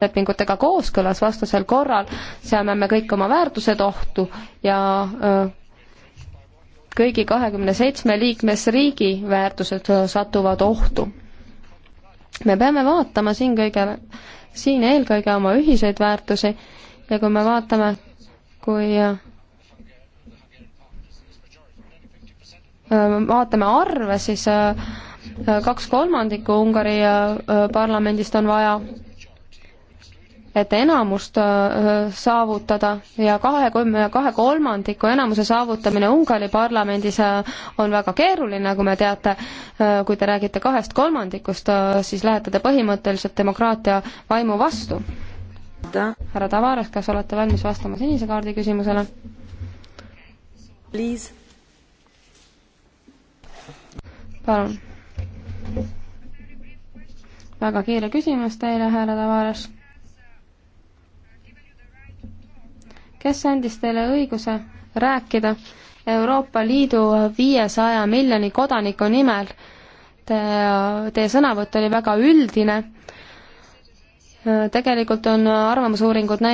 lepingutega kooskõlas, vastasel korral seame me kõik oma väärtused ohtu ja öö, kõigi kahekümne seitsme liikmesriigi väärtused satuvad ohtu. me peame vaatama siin kõige, siin eelkõige oma ühiseid väärtusi ja kui me vaatame, kui öö, vaatame arve, siis öö, kaks kolmandikku Ungari parlamendist on vaja et enamust äh, saavutada ja kahekümne kahe kolmandiku enamuse saavutamine Ungari parlamendis äh, on väga keeruline, nagu me teate, äh, kui te räägite kahest kolmandikust, siis lähete te põhimõtteliselt demokraatia vaimu vastu. härra Tavares, kas olete valmis vastama sinise kaardi küsimusele? palun. väga kiire küsimus teile, härra Tavares kes andis teile õiguse rääkida Euroopa Liidu viiesaja miljoni kodaniku nimel. Te, teie sõnavõtt oli väga üldine. Äh, tegelikult on arvamusuuringud näidanud,